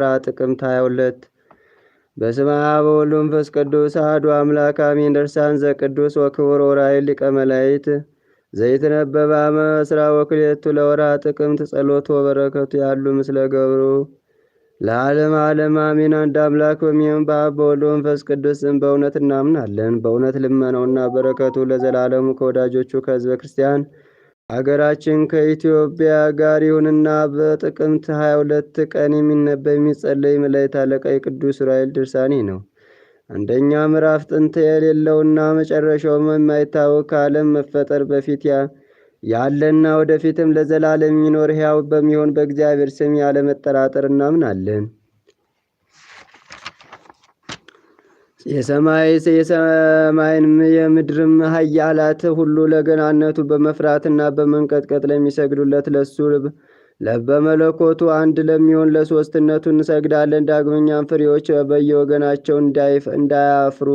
ስፍራ ጥቅምት 22 በስመ አብ ወወልድ ወመንፈስ ቅዱስ አሐዱ አምላክ አሜን። ድርሳን ዘቅዱስ ወክቡር ዑራኤል ሊቀ መላእክት ዘይትነበብ አመ እስራ ወክልኤቱ ለወርኃ ጥቅምት ጸሎቱ ወበረከቱ ያሉ ምስለ ገብሩ ለዓለም ዓለም አሜን። አንድ አምላክ በሚሆን በአብ በወልድ በመንፈስ ቅዱስ በእውነት እናምናለን። በእውነት ልመነውና በረከቱ ለዘላለሙ ከወዳጆቹ ከሕዝበ ክርስቲያን አገራችን ከኢትዮጵያ ጋር ይሁንና በጥቅምት 22 ቀን የሚነበብ የሚጸለይ መላእክት አለቃ የቅዱስ ዑራኤል ድርሳን ነው። አንደኛ ምዕራፍ ጥንት የሌለውና መጨረሻውም የማይታወቅ ከዓለም መፈጠር በፊት ያለና ወደፊትም ለዘላለም የሚኖር ሕያው በሚሆን በእግዚአብሔር ስም ያለመጠራጠር እናምናለን። የሰማይ የምድርም ኃያላት ሁሉ ለገናነቱ በመፍራትና በመንቀጥቀጥ ለሚሰግዱለት ለሱ በመለኮቱ አንድ ለሚሆን ለሶስትነቱ እንሰግዳለን። ዳግመኛም ፍሬዎች በየወገናቸው እንዳያፍሩ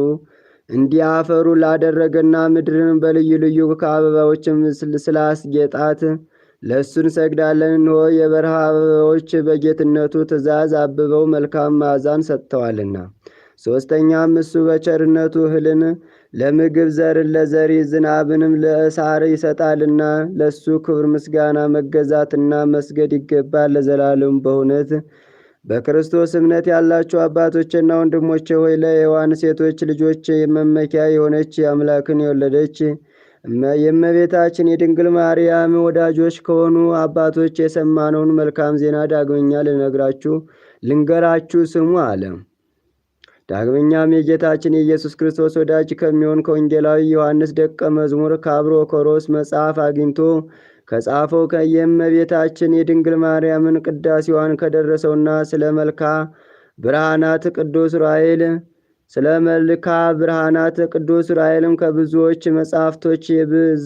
እንዲያፈሩ ላደረገና ምድርን በልዩ ልዩ ከአበባዎችም ስላስጌጣት ለእሱ እንሰግዳለን። እንሆ የበረሃ አበባዎች በጌትነቱ ትእዛዝ አብበው መልካም ማዛን ሰጥተዋልና። ሦስተኛም እሱ በቸርነቱ እህልን ለምግብ ዘርን ለዘሪ ዝናብንም ለእሳር ይሰጣልና ለእሱ ክብር ምስጋና መገዛትና መስገድ ይገባል ለዘላለም በእውነት በክርስቶስ እምነት ያላችሁ አባቶችና ወንድሞቼ ሆይ ለሔዋን ሴቶች ልጆች የመመኪያ የሆነች አምላክን የወለደች የእመቤታችን የድንግል ማርያም ወዳጆች ከሆኑ አባቶች የሰማነውን መልካም ዜና ዳግመኛ ልነግራችሁ ልንገራችሁ ስሙ አለ። ዳግመኛም የጌታችን የኢየሱስ ክርስቶስ ወዳጅ ከሚሆን ከወንጌላዊ ዮሐንስ ደቀ መዝሙር ከአብሮ ኮሮስ መጽሐፍ አግኝቶ ከጻፈው ከየእመቤታችን የድንግል ማርያምን ቅዳሴዋን ከደረሰውና ስለ መልካ ብርሃናት ቅዱስ ራኤል ስለ መልካ ብርሃናት ቅዱስ ራኤልም ከብዙዎች መጻሕፍቶች የብዝ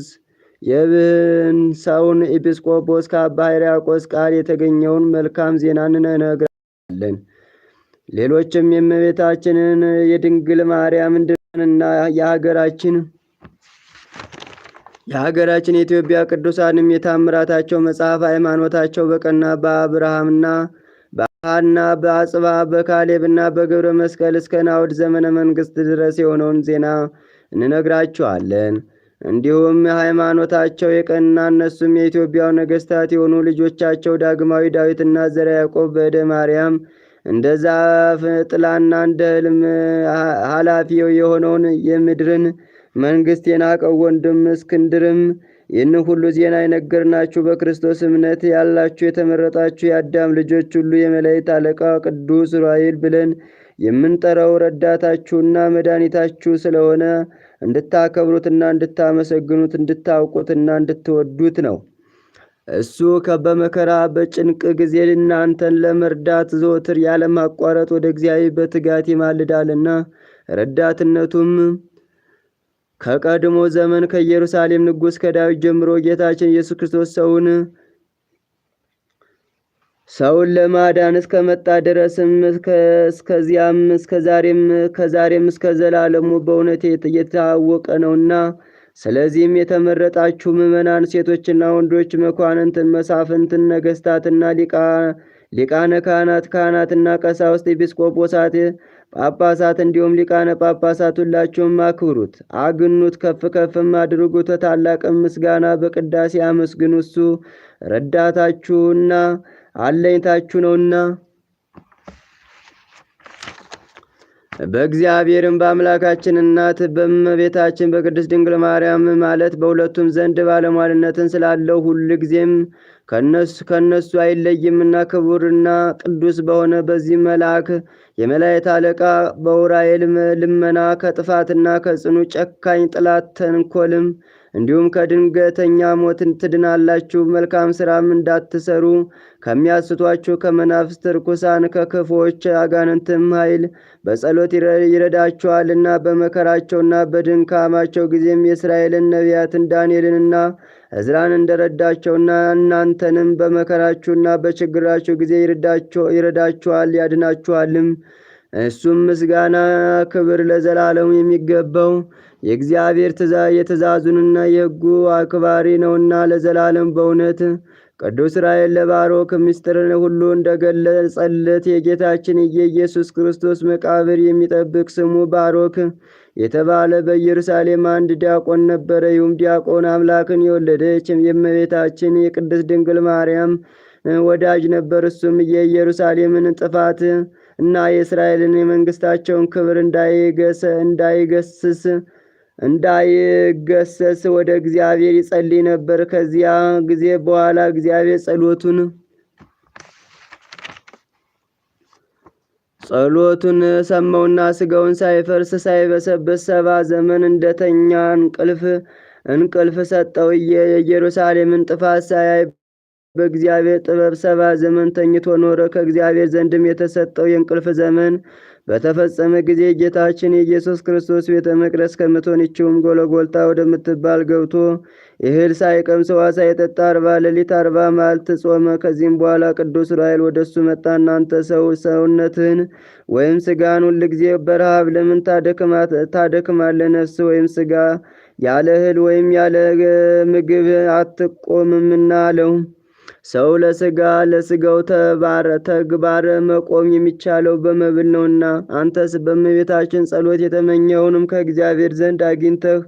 የብህን ሰውን ኤጲስቆጶስ ከአባ ሕርያቆስ ቃል የተገኘውን መልካም ዜናን እንነግራለን። ሌሎችም የእመቤታችንን የድንግል ማርያም ድርሳንና የሀገራችን የሀገራችን የኢትዮጵያ ቅዱሳንም የታምራታቸው መጽሐፍ ሃይማኖታቸው በቀና በአብርሃምና በአና በአጽባ በካሌብና በግብረ መስቀል እስከ ናውድ ዘመነ መንግስት ድረስ የሆነውን ዜና እንነግራችኋለን። እንዲሁም ሃይማኖታቸው የቀና እነሱም የኢትዮጵያው ነገስታት የሆኑ ልጆቻቸው ዳግማዊ ዳዊትና ዘርዓ ያዕቆብ በእደ ማርያም እንደ ዛፍ ጥላና እንደ ህልም ኃላፊው የሆነውን የምድርን መንግሥት የናቀው ወንድም እስክንድርም ይህን ሁሉ ዜና የነገርናችሁ በክርስቶስ እምነት ያላችሁ የተመረጣችሁ የአዳም ልጆች ሁሉ የመላእክት አለቃ ቅዱስ ዑራኤል ብለን የምንጠራው ረዳታችሁና መድኃኒታችሁ ስለሆነ እንድታከብሩትና እንድታመሰግኑት እንድታውቁትና እንድትወዱት ነው። እሱ በመከራ በጭንቅ ጊዜ እናንተን ለመርዳት ዘወትር ያለማቋረጥ ወደ እግዚአብሔር በትጋት ይማልዳልና ረዳትነቱም ከቀድሞ ዘመን ከኢየሩሳሌም ንጉሥ ከዳዊት ጀምሮ ጌታችን ኢየሱስ ክርስቶስ ሰውን ሰውን ለማዳን እስከመጣ ድረስም እስከዚያም እስከዛሬም ከዛሬም እስከ ዘላለሙ በእውነት የታወቀ ነውና ስለዚህም የተመረጣችሁ ምዕመናን ሴቶችና ወንዶች፣ መኳንንትን፣ መሳፍንትን፣ ነገሥታትና ሊቃነ ካህናት፣ ካህናትና ቀሳውስት፣ ኤጲስቆጶሳት፣ ጳጳሳት እንዲሁም ሊቃነ ጳጳሳት ሁላችሁም አክብሩት፣ አግኑት፣ ከፍ ከፍም አድርጉት። ታላቅም ምስጋና በቅዳሴ አመስግኑ። እሱ ረዳታችሁና አለኝታችሁ ነውና። በእግዚአብሔርም በአምላካችን እናት በእመቤታችን በቅድስት ድንግል ማርያም ማለት በሁለቱም ዘንድ ባለሟልነትን ስላለው ሁል ጊዜም ከእነሱ አይለይምና ክቡርና ቅዱስ በሆነ በዚህ መልአክ የመላእክት አለቃ በዑራኤል ልመና ከጥፋትና ከጽኑ ጨካኝ ጥላት ተንኮልም እንዲሁም ከድንገተኛ ሞት ትድናላችሁ። መልካም ሥራም እንዳትሰሩ ከሚያስቷችሁ ከመናፍስት ርኩሳን ከክፉዎች አጋንንትም ኃይል በጸሎት ይረዳችኋልና በመከራቸውና በድንካማቸው ጊዜም የእስራኤልን ነቢያትን ዳንኤልንና እዝራን እንደረዳቸውና እናንተንም በመከራችሁና በችግራችሁ ጊዜ ይረዳችኋል ያድናችኋልም። እሱም ምስጋና ክብር ለዘላለሙ የሚገባው የእግዚአብሔር የትእዛዙንና የሕጉ አክባሪ ነውና ለዘላለም በእውነት ቅዱስ እስራኤል ለባሮክ ምስጢርን ሁሉ እንደገለጸለት የጌታችን የኢየሱስ ክርስቶስ መቃብር የሚጠብቅ ስሙ ባሮክ የተባለ በኢየሩሳሌም አንድ ዲያቆን ነበረ። ይሁም ዲያቆን አምላክን የወለደች የእመቤታችን የቅድስት ድንግል ማርያም ወዳጅ ነበር። እሱም የኢየሩሳሌምን ጥፋት እና የእስራኤልን የመንግስታቸውን ክብር እንዳይገስስ እንዳይገሰስ ወደ እግዚአብሔር ይጸልይ ነበር። ከዚያ ጊዜ በኋላ እግዚአብሔር ጸሎቱን ጸሎቱን ሰማውና ስጋውን ሳይፈርስ ሳይበሰብስ ሰባ ዘመን እንደተኛ እንቅልፍ እንቅልፍ ሰጠው። የኢየሩሳሌምን ጥፋት ሳያይ በእግዚአብሔር ጥበብ ሰባ ዘመን ተኝቶ ኖረ። ከእግዚአብሔር ዘንድም የተሰጠው የእንቅልፍ ዘመን በተፈጸመ ጊዜ ጌታችን የኢየሱስ ክርስቶስ ቤተ መቅደስ ከምትሆን ይችውም ጎለጎልታ ወደምትባል ገብቶ እህል ሳይቀምስ ውሃ ሳይጠጣ አርባ ሌሊት አርባ መዓልት ጾመ። ከዚህም በኋላ ቅዱስ ዑራኤል ወደ እሱ መጣ። እናንተ ሰው ሰውነትህን ወይም ሁል ሁልጊዜ በረሃብ ለምን ታደክማለ ነፍስ ወይም ስጋ ያለ እህል ወይም ያለ ምግብ አትቆምምና አለው። ሰው ለስጋው ተባረ ተግባር መቆም የሚቻለው በመብል ነውና አንተስ በእመቤታችን ጸሎት የተመኘውንም ከእግዚአብሔር ዘንድ አግኝተህ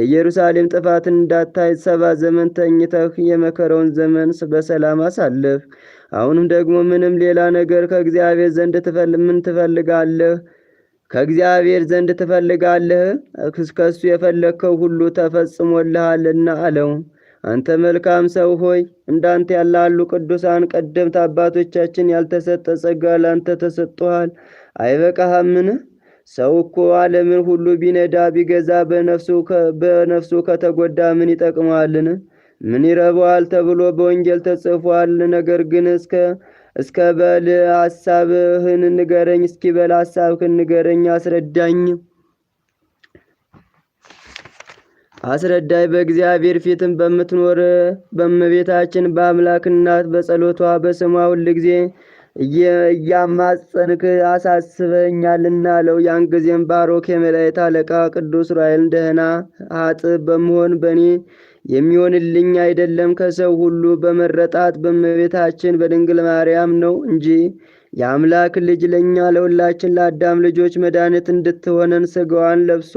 የኢየሩሳሌም ጥፋትን እንዳታይ ሰባ ዘመን ተኝተህ የመከረውን ዘመን በሰላም አሳለፍ። አሁንም ደግሞ ምንም ሌላ ነገር ከእግዚአብሔር ዘንድ ምን ትፈልጋለህ? ከእግዚአብሔር ዘንድ ትፈልጋለህ? ከሱ የፈለግከው ሁሉ ተፈጽሞልሃልና አለው። አንተ መልካም ሰው ሆይ እንዳንተ ያላሉ ቅዱሳን ቀደምት አባቶቻችን ያልተሰጠ ጸጋ ለአንተ ተሰጥቶሃል። አይበቃህምን? ሰው እኮ ዓለምን ሁሉ ቢነዳ ቢገዛ በነፍሱ ከተጎዳ ምን ይጠቅመዋልን? ምን ይረበዋል ተብሎ በወንጌል ተጽፏል። ነገር ግን እስከ እስከ በል ሐሳብህን ንገረኝ፣ እስኪበል ሐሳብህን ንገረኝ፣ አስረዳኝ። አስረዳይ በእግዚአብሔር ፊትም በምትኖር በእመቤታችን በአምላክናት በጸሎቷ በስሟ ሁልጊዜ እያማጸንክ አሳስበኛልና አለው። ያን ጊዜም ባሮክ የመላእክት አለቃ ቅዱስ ዑራኤልን ደህና ሀጥ በመሆን በእኔ የሚሆንልኝ አይደለም ከሰው ሁሉ በመረጣት በእመቤታችን በድንግል ማርያም ነው እንጂ የአምላክ ልጅ ለእኛ ለሁላችን ለአዳም ልጆች መድኃኒት እንድትሆነን ስጋዋን ለብሶ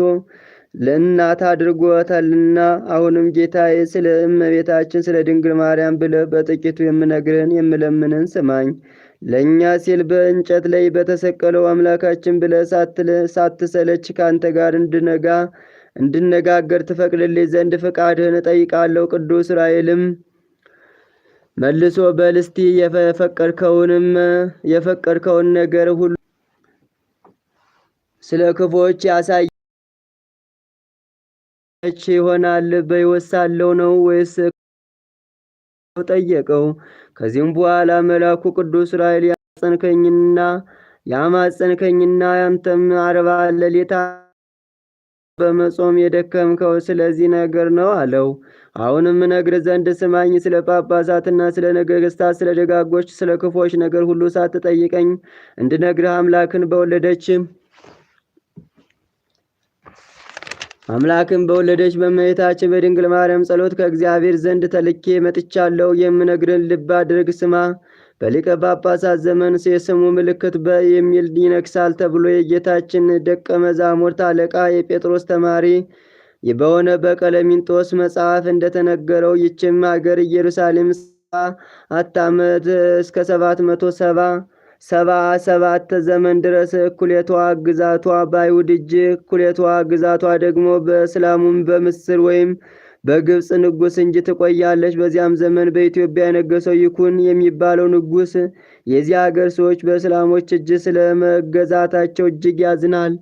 ለእናት አድርጎታልና። አሁንም ጌታዬ ስለ እመቤታችን ስለ ድንግል ማርያም ብለህ በጥቂቱ የምነግርህን የምለምንን ስማኝ። ለእኛ ሲል በእንጨት ላይ በተሰቀለው አምላካችን ብለህ ሳትሰለች ከአንተ ጋር እንድነጋ እንድነጋገር ትፈቅድልኝ ዘንድ ፈቃድህን እጠይቃለሁ። ቅዱስ ራኤልም መልሶ በልስቲ የፈቀድከውን ነገር ሁሉ ስለ ክፎች ያሳይ መቼ ይሆናል? በሕይወት ሳለሁ ነው ወይስ ጠየቀው። ከዚህም በኋላ መልአኩ ቅዱስ ዑራኤል ያማጸንከኝና ያማጸንከኝና ያንተም አርባ ለሌታ በመጾም የደከምከው ስለዚህ ነገር ነው አለው። አሁንም ነግር ዘንድ ስማኝ። ስለ ጳጳሳትና ስለ ነገሥታት፣ ስለ ደጋጎች፣ ስለ ክፎች ነገር ሁሉ ሳትጠይቀኝ እንድነግርህ አምላክን በወለደችም አምላክም በወለደች በእመቤታችን በድንግል ማርያም ጸሎት ከእግዚአብሔር ዘንድ ተልኬ መጥቻለሁ። የምነግርን ልብ አድርግ ስማ። በሊቀ ጳጳሳት ዘመን የስሙ ምልክት በ የሚል ይነግሳል ተብሎ የጌታችን ደቀ መዛሙርት አለቃ የጴጥሮስ ተማሪ በሆነ በቀለሚንጦስ መጽሐፍ እንደተነገረው ይችም አገር ኢየሩሳሌም አታመት እስከ ሰባት መቶ ሰባ ሰባ ሰባተ ዘመን ድረስ እኩሌቷ ግዛቷ በአይሁድ እጅ፣ እኩሌቷ ግዛቷ ደግሞ በእስላሙም በምስር ወይም በግብፅ ንጉሥ እንጂ ትቆያለች። በዚያም ዘመን በኢትዮጵያ የነገሰው ይኩን የሚባለው ንጉሥ የዚያ አገር ሰዎች በእስላሞች እጅ ስለመገዛታቸው እጅግ ያዝናል።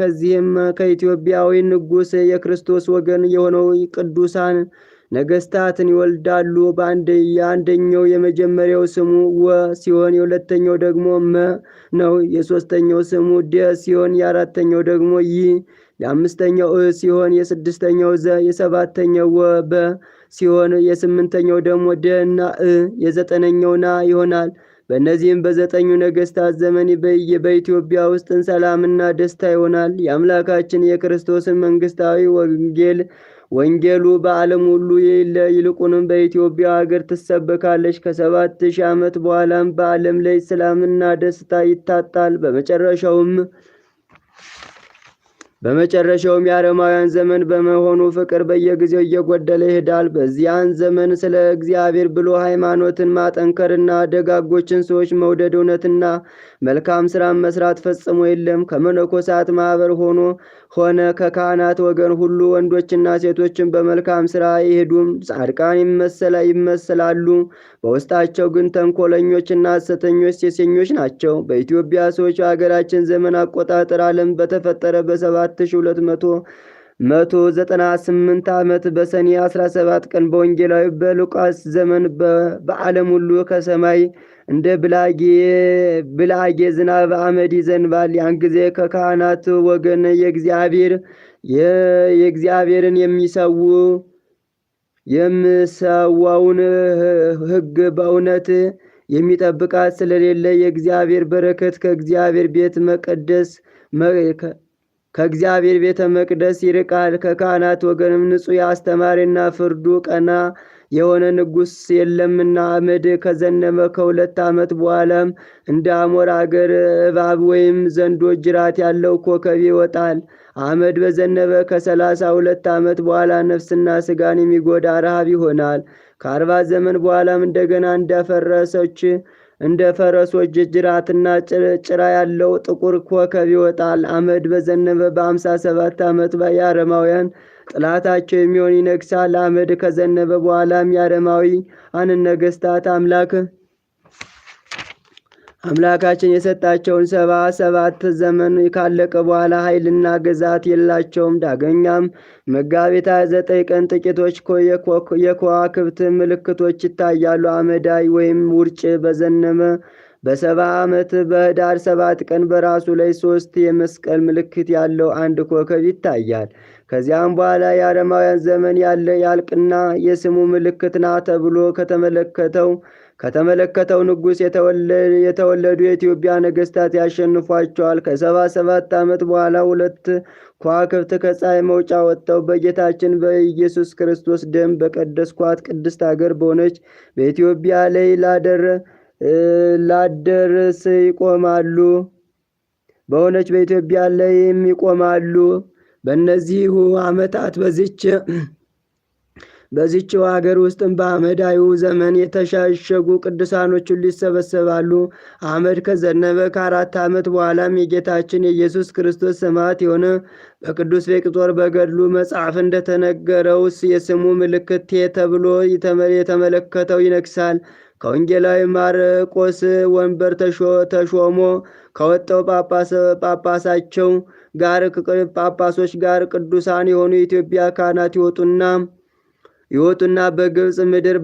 ከዚህም ከኢትዮጵያዊ ንጉሥ የክርስቶስ ወገን የሆነው ቅዱሳን ነገስታትን ይወልዳሉ። የአንደኛው የመጀመሪያው ስሙ ወ ሲሆን የሁለተኛው ደግሞ መ ነው። የሶስተኛው ስሙ ደ ሲሆን የአራተኛው ደግሞ ይ፣ የአምስተኛው እ ሲሆን የስድስተኛው ዘ፣ የሰባተኛው ወ በ ሲሆን የስምንተኛው ደግሞ ደ እና እ፣ የዘጠነኛው ና ይሆናል። በእነዚህም በዘጠኙ ነገስታት ዘመን በኢትዮጵያ ውስጥን ሰላምና ደስታ ይሆናል። የአምላካችን የክርስቶስን መንግስታዊ ወንጌል ወንጌሉ በዓለም ሁሉ ይልቁንም በኢትዮጵያ ሀገር ትሰበካለች። ከሰባት ሺህ ዓመት በኋላም በዓለም ላይ ሰላምና ደስታ ይታጣል። በመጨረሻውም በመጨረሻውም የአረማውያን ዘመን በመሆኑ ፍቅር በየጊዜው እየጎደለ ይሄዳል። በዚያን ዘመን ስለ እግዚአብሔር ብሎ ሃይማኖትን ማጠንከርና ደጋጎችን ሰዎች መውደድ እውነትና መልካም ስራን መስራት ፈጽሞ የለም። ከመነኮሳት ማህበር ሆኖ ሆነ ከካህናት ወገን ሁሉ ወንዶችና ሴቶችን በመልካም ስራ ይሄዱም ጻድቃን ይመሰላሉ። በውስጣቸው ግን ተንኮለኞችና ሐሰተኞች ሴሰኞች ናቸው። በኢትዮጵያ ሰዎች በሀገራችን ዘመን አቆጣጠር ዓለም በተፈጠረ በሰባት ሺህ ሁለት መቶ መቶ ዘጠና ስምንት ዓመት በሰኔ 17 ቀን በወንጌላዊ በሉቃስ ዘመን በዓለም ሁሉ ከሰማይ እንደ ብላጌ ዝናብ አመድ ይዘንባል። ያን ጊዜ ከካህናት ወገን የእግዚአብሔር የእግዚአብሔርን የሚሰው የምሰዋውን ሕግ በእውነት የሚጠብቃት ስለሌለ የእግዚአብሔር በረከት ከእግዚአብሔር ቤት መቀደስ ከእግዚአብሔር ቤተ መቅደስ ይርቃል። ከካህናት ወገንም ንጹሕ የአስተማሪና ፍርዱ ቀና የሆነ ንጉሥ የለምና አመድ ከዘነበ ከሁለት ዓመት በኋላም እንደ አሞር አገር እባብ ወይም ዘንዶ ጅራት ያለው ኮከብ ይወጣል። አመድ በዘነበ ከሰላሳ ሁለት ዓመት በኋላ ነፍስና ስጋን የሚጎዳ ረሃብ ይሆናል። ከአርባ ዘመን በኋላም እንደገና እንዳፈረሰች እንደ ፈረሶች ጅራትና ጭራ ያለው ጥቁር ኮከብ ይወጣል። አመድ በዘነበ በአምሳ ሰባት ዓመት የአረማውያን ጥላታቸው የሚሆን ይነግሳል። አመድ ከዘነበ በኋላም የአረማዊ አን ነገስታት አምላክ አምላካችን የሰጣቸውን ሰባ ሰባት ዘመን ካለቀ በኋላ ኃይልና ግዛት የላቸውም። ዳገኛም መጋቢት ዘጠኝ ቀን ጥቂቶች የከዋክብት ምልክቶች ይታያሉ። አመዳይ ወይም ውርጭ በዘነመ በሰባ ዓመት በህዳር ሰባት ቀን በራሱ ላይ ሶስት የመስቀል ምልክት ያለው አንድ ኮከብ ይታያል። ከዚያም በኋላ የአረማውያን ዘመን ያለ ያልቅና የስሙ ምልክት ና ተብሎ ከተመለከተው ከተመለከተው ንጉሥ የተወለዱ የኢትዮጵያ ነገሥታት ያሸንፏቸዋል። ከሰባ ሰባት ዓመት በኋላ ሁለት ከዋክብት ከፀሐይ መውጫ ወጥተው በጌታችን በኢየሱስ ክርስቶስ ደም በቀደስኳት ቅድስት አገር በሆነች በኢትዮጵያ ላይ ላደርስ ይቆማሉ በሆነች በኢትዮጵያ ላይም ይቆማሉ። በእነዚሁ ዓመታት በዚች በዚችው አገር ውስጥም በአመዳዩ ዘመን የተሻሸጉ ቅዱሳኖች ሁሉ ይሰበሰባሉ። አመድ ከዘነበ ከአራት ዓመት በኋላም የጌታችን የኢየሱስ ክርስቶስ ሰማዕት የሆነ በቅዱስ ፊቅጦር በገድሉ መጽሐፍ እንደተነገረው የስሙ ምልክት ቴ ተብሎ የተመለከተው ይነግሳል። ከወንጌላዊ ማርቆስ ወንበር ተሾሞ ከወጣው ጳጳሳቸው ጋር ጳጳሶች ጋር ቅዱሳን የሆኑ የኢትዮጵያ ካህናት ይወጡና ይወጡና በግብፅ ምድር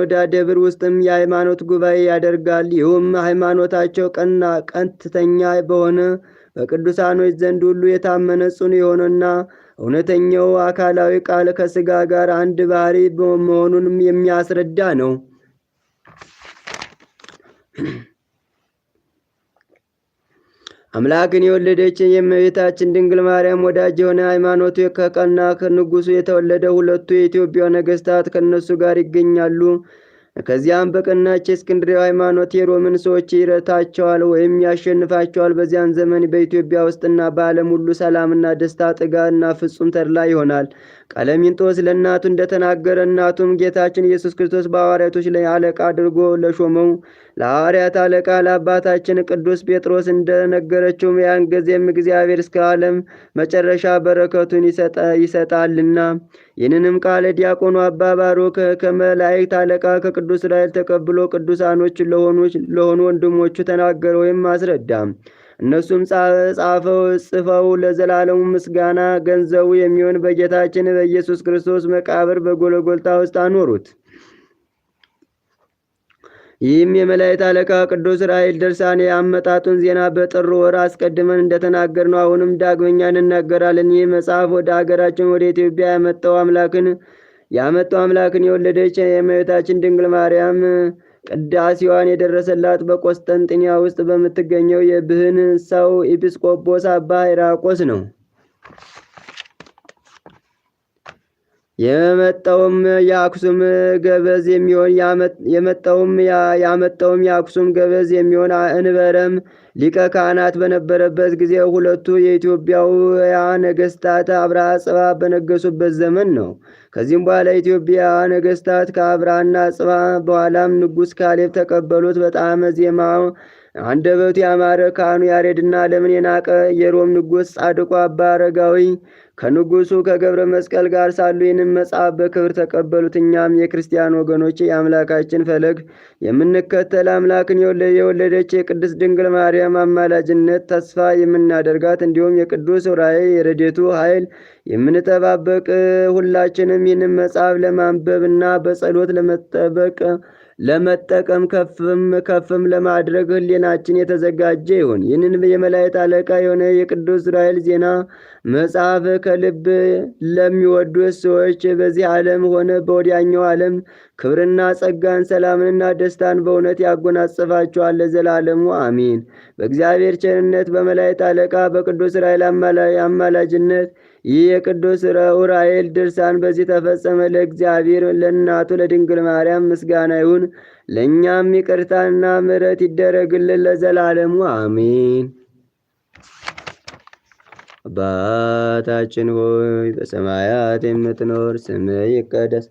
ወደ ደብር ውስጥም የሃይማኖት ጉባኤ ያደርጋል። ይህም ሃይማኖታቸው ቀና ቀንትተኛ በሆነ በቅዱሳኖች ዘንድ ሁሉ የታመነ ጽኑ የሆነና እውነተኛው አካላዊ ቃል ከስጋ ጋር አንድ ባህሪ መሆኑንም የሚያስረዳ ነው። አምላክን የወለደች የእመቤታችን ድንግል ማርያም ወዳጅ የሆነ ሃይማኖቱ ከቀና ከንጉሱ የተወለደ ሁለቱ የኢትዮጵያ ነገስታት ከእነሱ ጋር ይገኛሉ። ከዚያም በቀናች የእስክንድሪያው ሃይማኖት የሮምን ሰዎች ይረታቸዋል ወይም ያሸንፋቸዋል። በዚያን ዘመን በኢትዮጵያ ውስጥና በዓለም ሁሉ ሰላምና ደስታ፣ ጥጋና ፍጹም ተድላ ይሆናል። ቀለሚንጦስ ለእናቱ እንደተናገረ እናቱም ጌታችን ኢየሱስ ክርስቶስ በሐዋርያቶች ላይ አለቃ አድርጎ ለሾመው ለሐዋርያት አለቃ ለአባታችን ቅዱስ ጴጥሮስ እንደነገረችው ያን ጊዜም እግዚአብሔር እስከ ዓለም መጨረሻ በረከቱን ይሰጣልና። ይህንንም ቃለ ዲያቆኑ አባ ባሮክ ከመላእክት አለቃ ከቅዱስ ራኤል ተቀብሎ ቅዱሳኖች ለሆኑ ወንድሞቹ ተናገረ ወይም አስረዳም። እነሱም ጻፈው ጽፈው ለዘላለሙ ምስጋና ገንዘቡ የሚሆን በጌታችን በኢየሱስ ክርስቶስ መቃብር በጎለጎልታ ውስጥ አኖሩት። ይህም የመላእክት አለቃ ቅዱስ ዑራኤል ድርሳን የአመጣጡን ዜና በጥር ወር አስቀድመን እንደተናገርነው አሁንም ዳግመኛ እንናገራለን። ይህ መጽሐፍ ወደ አገራችን ወደ ኢትዮጵያ ያመጣው አምላክን ያመጣው አምላክን የወለደች የእመቤታችን ድንግል ማርያም ቅዳሴዋን የደረሰላት በቆስጠንጥንያ ውስጥ በምትገኘው የብህንሳው ኤጲስቆጶስ አባ ሄራቆስ ነው። የመጣውም የአክሱም ገበዝ የሚሆን የመጣውም ያመጣውም የአክሱም ገበዝ የሚሆን እንበረም ሊቀ ካህናት በነበረበት ጊዜ ሁለቱ የኢትዮጵያውያ ነገስታት አብርሃ ጽባ በነገሱበት ዘመን ነው። ከዚህም በኋላ ኢትዮጵያ ነገስታት ከአብርሃና ጽባ በኋላም ንጉሥ ካሌብ ተቀበሉት። በጣም ዜማ አንደበቱ ያማረ ካህኑ ያሬድና ለምን የናቀ የሮም ንጉሥ ጻድቁ አባ አረጋዊ ከንጉሱ ከገብረ መስቀል ጋር ሳሉ ይህንን መጽሐፍ በክብር ተቀበሉት። እኛም የክርስቲያን ወገኖች የአምላካችን ፈለግ የምንከተል አምላክን የወለደች የቅድስት ድንግል ማርያም አማላጅነት ተስፋ የምናደርጋት እንዲሁም የቅዱስ ራይ የረዴቱ ኃይል የምንጠባበቅ ሁላችንም ይህንን መጽሐፍ ለማንበብና በጸሎት ለመጠበቅ ለመጠቀም ከፍም ከፍም ለማድረግ ህሌናችን የተዘጋጀ ይሁን። ይህንን የመላእክት አለቃ የሆነ የቅዱስ ዑራኤል ዜና መጽሐፍ ከልብ ለሚወዱት ሰዎች በዚህ ዓለም ሆነ በወዲያኛው ዓለም ክብርና ጸጋን፣ ሰላምንና ደስታን በእውነት ያጎናጽፋቸዋል ለዘላለሙ አሚን። በእግዚአብሔር ቸርነት በመላእክት አለቃ በቅዱስ ዑራኤል አማላጅነት ይህ የቅዱስ ዑራኤል ድርሳን በዚህ ተፈጸመ። ለእግዚአብሔር ለእናቱ ለድንግል ማርያም ምስጋና ይሁን፣ ለእኛም ይቅርታና ምሕረት ይደረግልን ለዘላለሙ አሜን። አባታችን ሆይ በሰማያት የምትኖር ስምህ ይቀደስ፣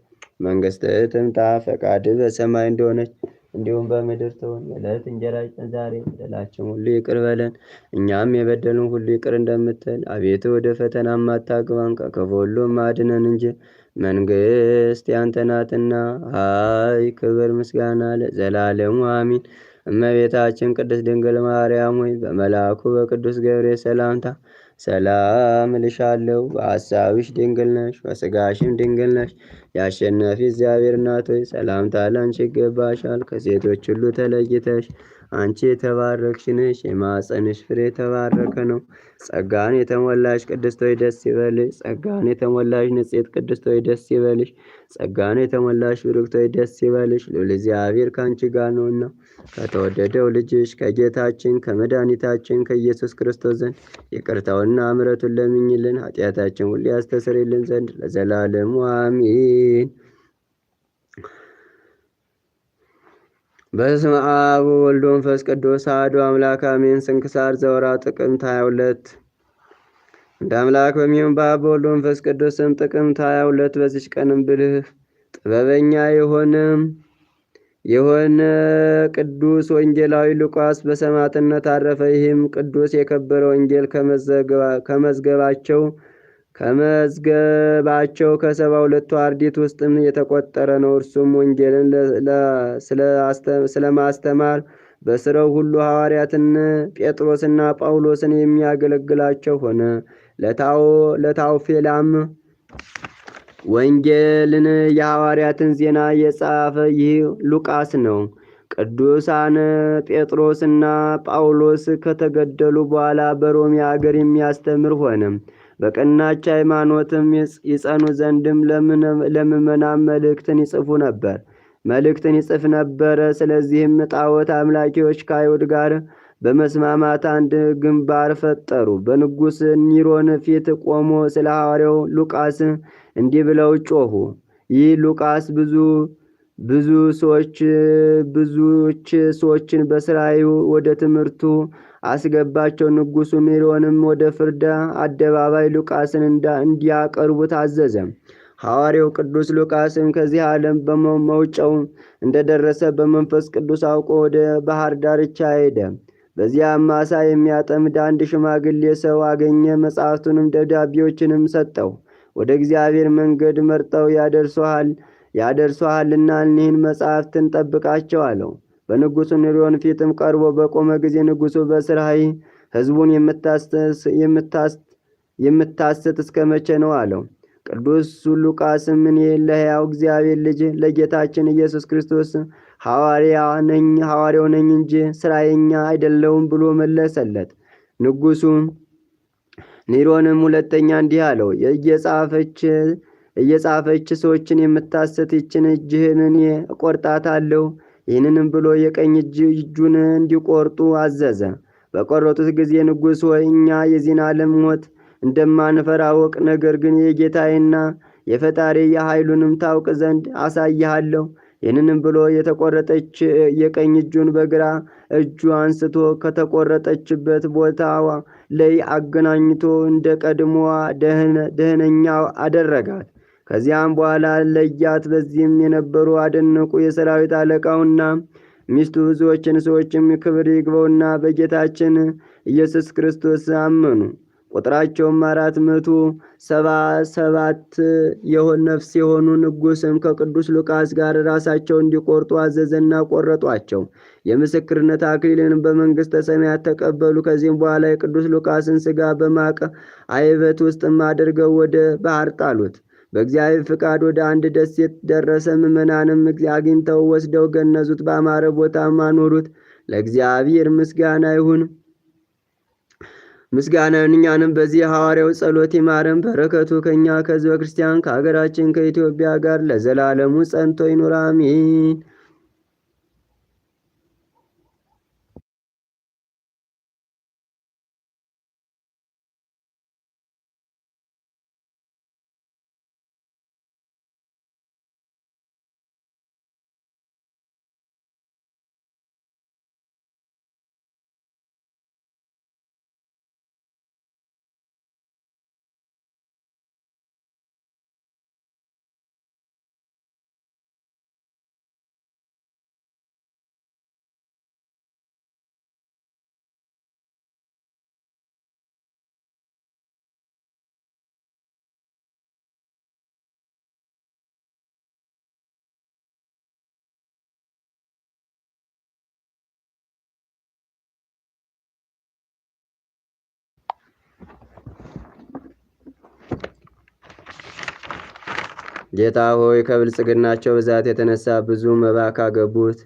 መንግሥትህ ትምጣ፣ ፈቃድህ በሰማይ እንደሆነች እንዲሁም በምድር ትሆን የዕለት እንጀራችን ዛሬ በደላችን ሁሉ ይቅር በለን እኛም የበደሉን ሁሉ ይቅር እንደምትል አቤቱ ወደ ፈተና ማታግባን ከክፉ ሁሉ አድነን እንጂ መንግስት ያንተ ናትና ሀይ ክብር ምስጋና ለዘላለሙ አሚን እመቤታችን ቅድስት ድንግል ማርያም ሆይ በመልአኩ በቅዱስ ገብርኤል ሰላምታ ሰላም እልሻለሁ። በሐሳብሽ ድንግል ነሽ፣ በሥጋሽም ድንግል ነሽ። የአሸናፊ እግዚአብሔር እናት ሆይ ሰላምታ ላንቺ ይገባሻል። ከሴቶች ሁሉ ተለይተሽ አንቺ የተባረክሽ ነሽ፣ የማፀንሽ ፍሬ የተባረከ ነው። ጸጋን የተሞላሽ ቅድስት ሆይ ደስ ይበልሽ። ጸጋን የተሞላሽ ንጽሕት ቅድስት ሆይ ደስ ይበልሽ። ጸጋን የተሞላሽ ብሩክት ሆይ ደስ ይበልሽ፣ ልዑል እግዚአብሔር ከአንቺ ጋር ነውና ከተወደደው ልጅሽ ከጌታችን ከመድኃኒታችን ከኢየሱስ ክርስቶስ ዘንድ ይቅርታውና እምረቱን ለምኝልን ኃጢአታችን ሁሉ ያስተሰርይልን ዘንድ ለዘላለሙ አሚን። በስመ አብ ወወልድ ወመንፈስ ቅዱስ አሐዱ አምላክ አሜን። ስንክሳር ዘወርኀ ጥቅምት 22 እንደ አምላክ በሚሆን በአብ በወልድ በመንፈስ ቅዱስ ስም ጥቅምት 22 በዚች ቀንም ብልህ ጥበበኛ የሆነ የሆነ ቅዱስ ወንጌላዊ ሉቃስ በሰማዕትነት አረፈ። ይህም ቅዱስ የከበረ ወንጌል ከመዝገባቸው ከመዝገባቸው ከሰባ ሁለቱ አርዲት ውስጥም የተቆጠረ ነው። እርሱም ወንጌልን ስለማስተማር በስረው ሁሉ ሐዋርያትን ጴጥሮስና ጳውሎስን የሚያገለግላቸው ሆነ። ለታውፌላም ወንጌልን የሐዋርያትን ዜና የጻፈ ይህ ሉቃስ ነው። ቅዱሳን ጴጥሮስና ጳውሎስ ከተገደሉ በኋላ በሮሜ አገር የሚያስተምር ሆነ። በቀናች ሃይማኖትም ይጸኑ ዘንድም ለምእመናን መልእክትን ይጽፉ ነበር መልእክትን ይጽፍ ነበረ። ስለዚህም ጣዖት አምላኪዎች ከአይሁድ ጋር በመስማማት አንድ ግንባር ፈጠሩ። በንጉሥ ኒሮን ፊት ቆሞ ስለ ሐዋርያው ሉቃስ እንዲህ ብለው ጮኹ። ይህ ሉቃስ ብዙ ብዙ ሰዎች ብዙዎች ሰዎችን በስራይ ወደ ትምህርቱ አስገባቸው። ንጉሱ ሜሮንም ወደ ፍርድ አደባባይ ሉቃስን እንዲያቀርቡት አዘዘ። ሐዋርያው ቅዱስ ሉቃስም ከዚህ ዓለም በመውጫው እንደደረሰ በመንፈስ ቅዱስ አውቆ ወደ ባህር ዳርቻ ሄደ። በዚያም ዓሣ የሚያጠምድ አንድ ሽማግሌ ሰው አገኘ። መጽሐፍቱንም ደብዳቤዎችንም ሰጠው። ወደ እግዚአብሔር መንገድ መርጠው ያደርሰሃል ያደርሰዋልና እኒህን መጻሕፍትን ጠብቃቸው አለው። በንጉሡ ንሪዮን ፊትም ቀርቦ በቆመ ጊዜ ንጉሡ በስራይ ሕዝቡን የምታስት እስከ መቼ ነው አለው። ቅዱስ ሉቃስም እኔ ለሕያው እግዚአብሔር ልጅ ለጌታችን ኢየሱስ ክርስቶስ ሐዋርያ ነኝ ሐዋርያው ነኝ እንጂ ስራየኛ አይደለውም ብሎ መለሰለት። ንጉሡ ኒሮንም ሁለተኛ እንዲህ አለው የየጻፈች እየጻፈች ሰዎችን የምታሰት ይችን እጅህን እኔ እቆርጣታለሁ። ይህንንም ብሎ የቀኝ እጁን እንዲቆርጡ አዘዘ። በቆረጡት ጊዜ ንጉሥ ሆይ እኛ የዚህን ዓለም ሞት እንደማንፈራ ወቅ፣ ነገር ግን የጌታዬና የፈጣሪ የኃይሉንም ታውቅ ዘንድ አሳይሃለሁ። ይህንንም ብሎ የተቆረጠች የቀኝ እጁን በግራ እጁ አንስቶ ከተቆረጠችበት ቦታዋ ላይ አገናኝቶ እንደ ቀድሞዋ ደህነኛ አደረጋት። ከዚያም በኋላ ለያት። በዚህም የነበሩ አደነቁ። የሰራዊት አለቃውና ሚስቱ ብዙዎችን ሰዎችም ክብር ይግበውና በጌታችን ኢየሱስ ክርስቶስ አመኑ። ቁጥራቸውም አራት መቶ ሰባ ሰባት ነፍስ የሆኑ ንጉስም ከቅዱስ ሉቃስ ጋር ራሳቸው እንዲቆርጡ አዘዘና ቆረጧቸው። የምስክርነት አክሊልን በመንግሥተ ሰማያት ተቀበሉ። ከዚህም በኋላ የቅዱስ ሉቃስን ስጋ በማቅ አይበት ውስጥም አድርገው ወደ ባህር ጣሉት። በእግዚአብሔር ፍቃድ ወደ አንድ ደሴት ደረሰ። ምዕመናንም አግኝተው ወስደው ገነዙት፣ በአማረ ቦታም አኖሩት። ለእግዚአብሔር ምስጋና ይሁን። ምስጋና እኛንም በዚህ ሐዋርያው ጸሎት ይማረን። በረከቱ ከእኛ ከሕዝበ ክርስቲያን ከሀገራችን ከኢትዮጵያ ጋር ለዘላለሙ ጸንቶ ይኑር አሜን። ጌታ ሆይ ከብልጽግናቸው ብዛት የተነሳ ብዙ መባ ካገቡት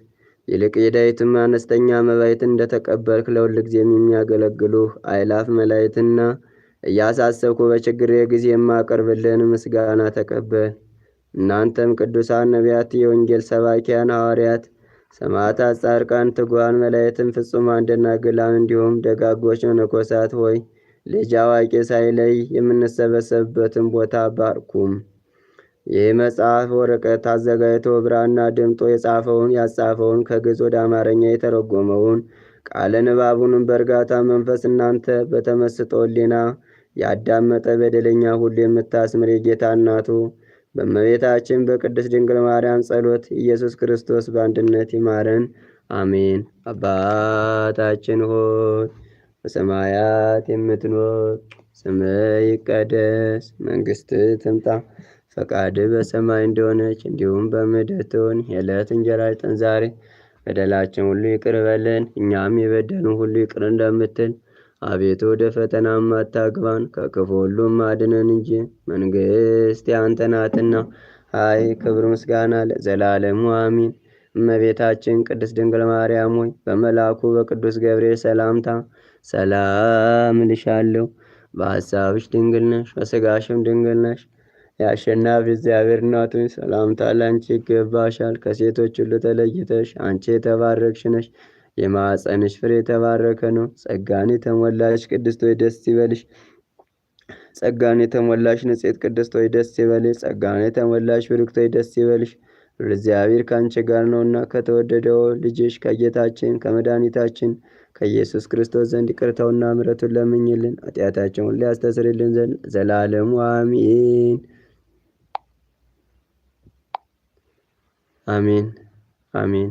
ይልቅ የዳዊትም አነስተኛ መባይትን እንደተቀበልክ ለሁል ጊዜም የሚያገለግሉ አይላፍ መላይትና እያሳሰብኩ በችግሬ ጊዜ የማቀርብልህን ምስጋና ተቀበል። እናንተም ቅዱሳን ነቢያት፣ የወንጌል ሰባኪያን ሐዋርያት፣ ሰማዕታት፣ ጻድቃን፣ ትጉሃን መላይትን ፍጹማን ደናግላን እንዲሁም ደጋጎች መነኮሳት ሆይ ልጅ አዋቂ ሳይለይ የምንሰበሰብበትን ቦታ ባርኩም። ይህ መጽሐፍ ወረቀት አዘጋጅቶ ብራና ድምጦ የጻፈውን ያጻፈውን ከግዕዝ ወደ አማርኛ የተረጎመውን ቃለ ንባቡንም በእርጋታ መንፈስ እናንተ በተመስጦ ሊና ያዳመጠ በደለኛ ሁሉ የምታስምር የጌታ እናቱ በእመቤታችን በቅድስት ድንግል ማርያም ጸሎት ኢየሱስ ክርስቶስ በአንድነት ይማረን፣ አሜን። አባታችን ሆይ በሰማያት የምትኖር ስምህ ይቀደስ፣ ትምጣ ፈቃድ በሰማይ እንደሆነች እንዲሁም በምድር ትሁን። የዕለት እንጀራችንን ዛሬ በደላችን ሁሉ ይቅር በለን እኛም የበደሉ ሁሉ ይቅር እንደምትል አቤቱ ወደ ፈተና አታግባን ከክፉ ሁሉም አድነን እንጂ መንግስት ያንተ ናትና፣ ክብር፣ ምስጋና ለዘላለሙ አሚን። እመቤታችን ቅድስት ድንግል ማርያም ሆይ በመልአኩ በቅዱስ ገብርኤል ሰላምታ ሰላም እልሻለሁ። በሐሳብሽ ድንግል ነሽ፣ በስጋሽም ድንግል ነሽ። የአሸናፊ እግዚአብሔር እናቱ ሰላምታ ላንቺ ይገባሻል። ከሴቶች ሁሉ ተለይተሽ አንቺ የተባረክሽ ነሽ፣ የማኅፀንሽ ፍሬ የተባረከ ነው። ጸጋን የተሞላሽ ቅድስት ሆይ ደስ ይበልሽ። ጸጋን የተሞላሽ ንጽሕት ቅድስት ሆይ ደስ ይበልሽ። ጸጋን የተሞላሽ ብርክት ሆይ ደስ ይበልሽ። እግዚአብሔር ከአንቺ ጋር ነውና ከተወደደው ልጅሽ ከጌታችን ከመድኃኒታችን ከኢየሱስ ክርስቶስ ዘንድ ይቅርታውና ምሕረቱን ለምኝልን ኃጢአታቸውን ሊያስተስርልን ዘንድ ዘላለሙ አሚን። আমিন আমিন